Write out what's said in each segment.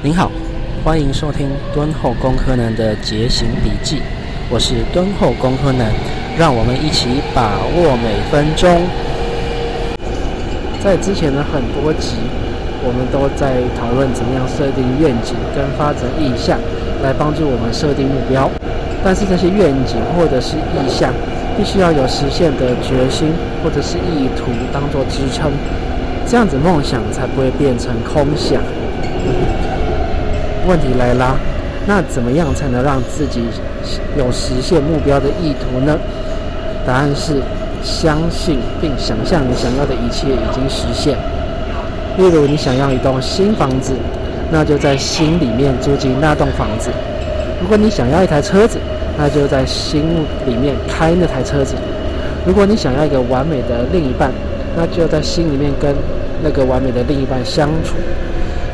您好，歡迎收聽敦厚工科男的節行筆記，我是敦厚工科男，讓我們一起把握每分鐘。在之前的很多集，我們都在討論怎樣設定願景跟發展意向，來幫助我們設定目標。但是這些願景或者是意向，必須要有實現的決心或者是意圖當做支撐，這樣子夢想才不會變成空想。問題來啦，那怎麼樣才能讓自己有實現目標的意圖呢？答案是：相信並想象你想要的一切已經實現。例如，你想要一棟新房子，那就在心裡面住進那棟房子；如果你想要一台車子，那就在心裡面開那台車子；如果你想要一個完美的另一半，那就在心裡面跟那個完美的另一半相處。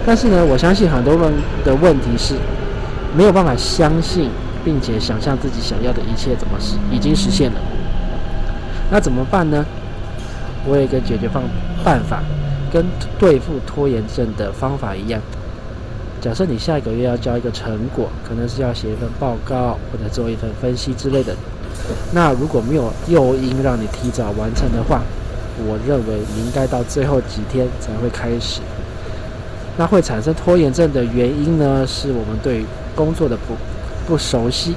但是呢，我相信很多人的問題是沒有辦法相信，並且想象自己想要的一切怎麼已經實現了。那怎麼辦呢？我有一個解決方辦法，跟對付拖延症的方法一樣。假設你下一個月要交一個成果，可能是要寫一份報告或者做一份分析之類的。那如果沒有誘因讓你提早完成的話，我認為你應該到最後幾天才會開始。那會產生拖延症的原因呢，是我們對工作的不不熟悉，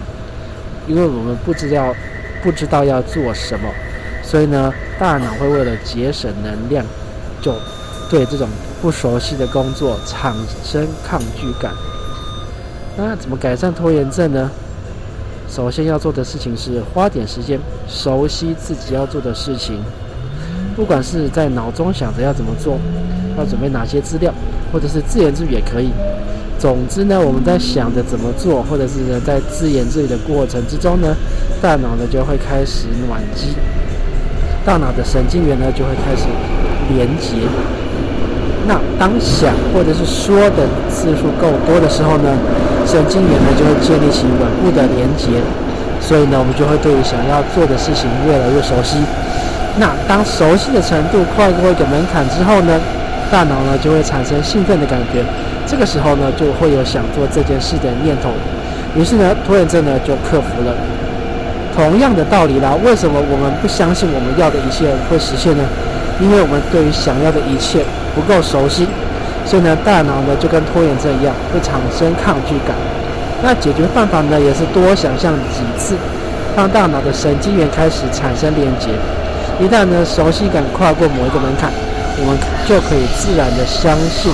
因為我們不知道不知道要做什麼，所以呢，大腦會為了節省能量，就對這種不熟悉的工作產生抗拒感。那怎麼改善拖延症呢？首先要做的事情是花點時間熟悉自己要做的事情，不管是在腦中想着要怎麼做，要準備哪些資料。或者是自言自語也可以。總之呢，我們在想着怎麼做，或者是呢在自言自語的過程之中呢，大腦呢就會開始暖機，大腦的神經元呢就會開始連接。那當想或者是說的次數夠多的時候呢，神經元呢就會建立起穩固的連接，所以呢，我們就會對想要做的事情越來越熟悉。那當熟悉的程度跨過一個門檻之後呢，大腦呢就會產生興奮的感覺，這個時候呢就會有想做這件事的念頭，於是呢拖延症呢就克服了。同樣的道理啦，為什麼我們不相信我們要的一切會實現呢？因為我們對於想要的一切不夠熟悉，所以呢大腦呢就跟拖延症一樣會產生抗拒感。那解決辦法呢也是多想象幾次，讓大腦的神經元開始產生連接。一旦呢熟悉感跨過某一個門檻。我們就可以自然的相信，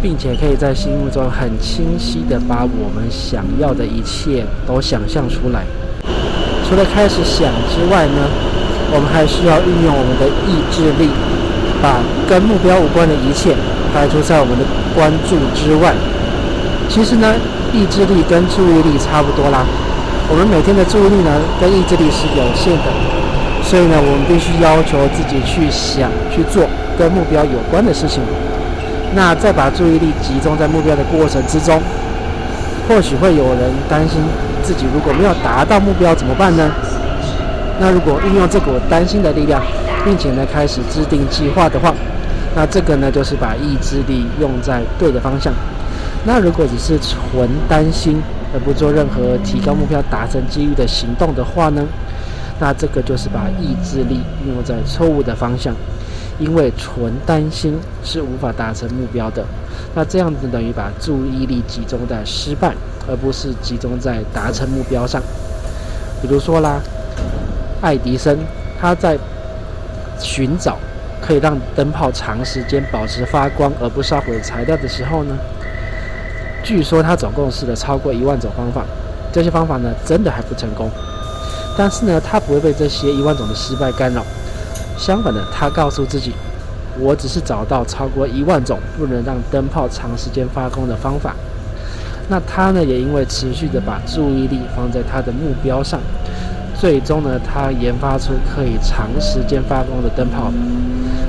並且可以在心目中很清晰的把我們想要的一切都想象出來。除了開始想之外呢，我們還需要運用我們的意志力，把跟目標無關的一切排除在我們的關注之外。其實呢，意志力跟注意力差不多啦。我們每天的注意力呢，跟意志力是有限的。所以呢，我們必須要求自己去想、去做跟目標有關的事情，那再把注意力集中在目標的過程之中。或許會有人擔心自己如果沒有達到目標怎麼辦呢？那如果運用這股擔心的力量，並且呢開始制定計劃的話，那這個呢就是把意志力用在對的方向。那如果只是純擔心而不做任何提高目標達成機遇的行動的話呢，那這個就是把意志力運用在錯誤的方向，因為純擔心是無法達成目標的。那這樣子等於把注意力集中在失敗，而不是集中在達成目標上。比如說啦，愛迪生他在尋找可以讓燈泡長時間保持發光而不燒毀的材料的時候呢，據說他總共試了超過一萬種方法，這些方法呢真的還不成功。但是呢，他不會被這些一萬種的失敗干擾。相反的，他告訴自己：“我只是找到超過一萬種不能讓燈泡長時間發光的方法。”那他呢，也因為持續的把注意力放在他的目標上，最終呢，他研發出可以長時間發光的燈泡。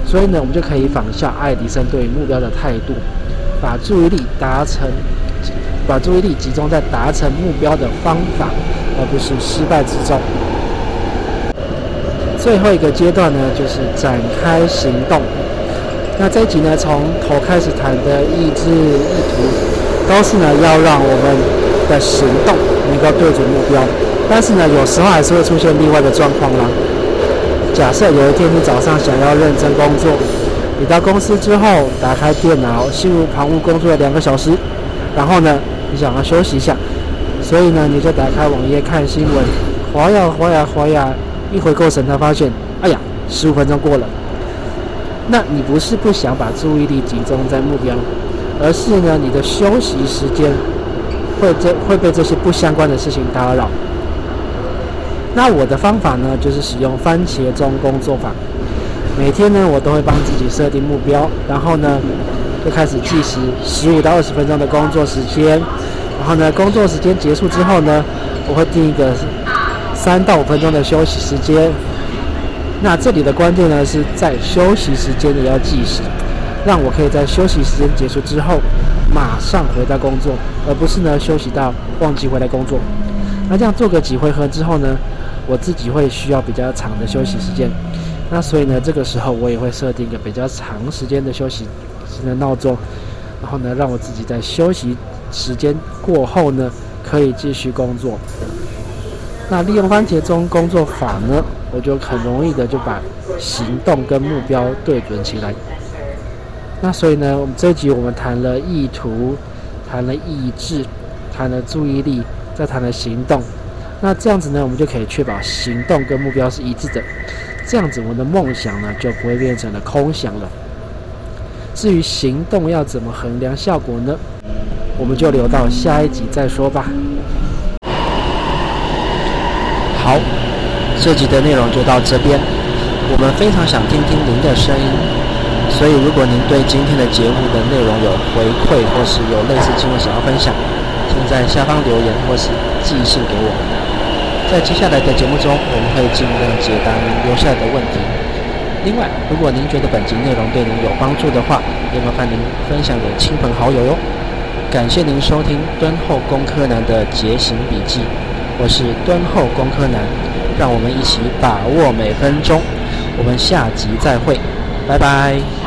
所以呢，我們就可以仿效愛迪生對於目標的態度，把注意力達成。把注意力集中在達成目標的方法，而不是失敗之中。最後一個階段呢，就是展開行動。那這一集呢，從頭開始談的意志、意圖，都是呢要讓我們的行動能夠對準目標。但是呢，有時候還是會出現例外的狀況啦。假設有一天你早上想要認真工作，你到公司之後打開電腦，心無旁騖工作了兩個小時，然後呢……你想要休息一下，所以呢，你就打開網頁看新聞，滑呀滑呀滑呀，一回過神，他發現，哎呀，十五分鐘過了。那你不是不想把注意力集中在目標，而是呢，你的休息時間會這會被這些不相關的事情打擾。那我的方法呢，就是使用番茄鐘工作法，每天呢，我都會幫自己設定目標，然後呢。就開始計時十五到二十分鐘的工作時間，然後呢，工作時間結束之後呢，我會定一個三到五分鐘的休息時間。那這裡的關鍵呢，是在休息時間也要計時，讓我可以在休息時間結束之後馬上回到工作，而不是呢休息到忘記回來工作。那這樣做個幾回合之後呢，我自己會需要比較長的休息時間，那所以呢，這個時候我也會設定一個比較長時間的休息。現在鬧鐘，然後呢，讓我自己在休息時間過後呢，可以繼續工作。那利用番茄鐘工作法呢，我就很容易的就把行動跟目標對準起來。那所以呢，我們這一集我們談了意圖，談了意志，談了注意力，再談了行動。那這樣子呢，我們就可以確保行動跟目標是一致的。這樣子，我們的夢想呢，就不會變成了空想了。至於行動要怎麼衡量效果呢？我們就留到下一集再說吧。好，這集的內容就到這邊。我們非常想聽聽您的聲音，所以如果您對今天的節目的內容有回饋，或是有類似經驗想要分享，請在下方留言或是寄信給我們。在接下來的節目中，我們會盡量解答您留下來的問題。另外，如果您覺得本集內容對您有幫助的話，也麻煩您分享給親朋好友喲。感謝您收聽敦厚工科男的節行筆記，我是敦厚工科男，讓我們一起把握每分鐘，我們下集再會，拜拜。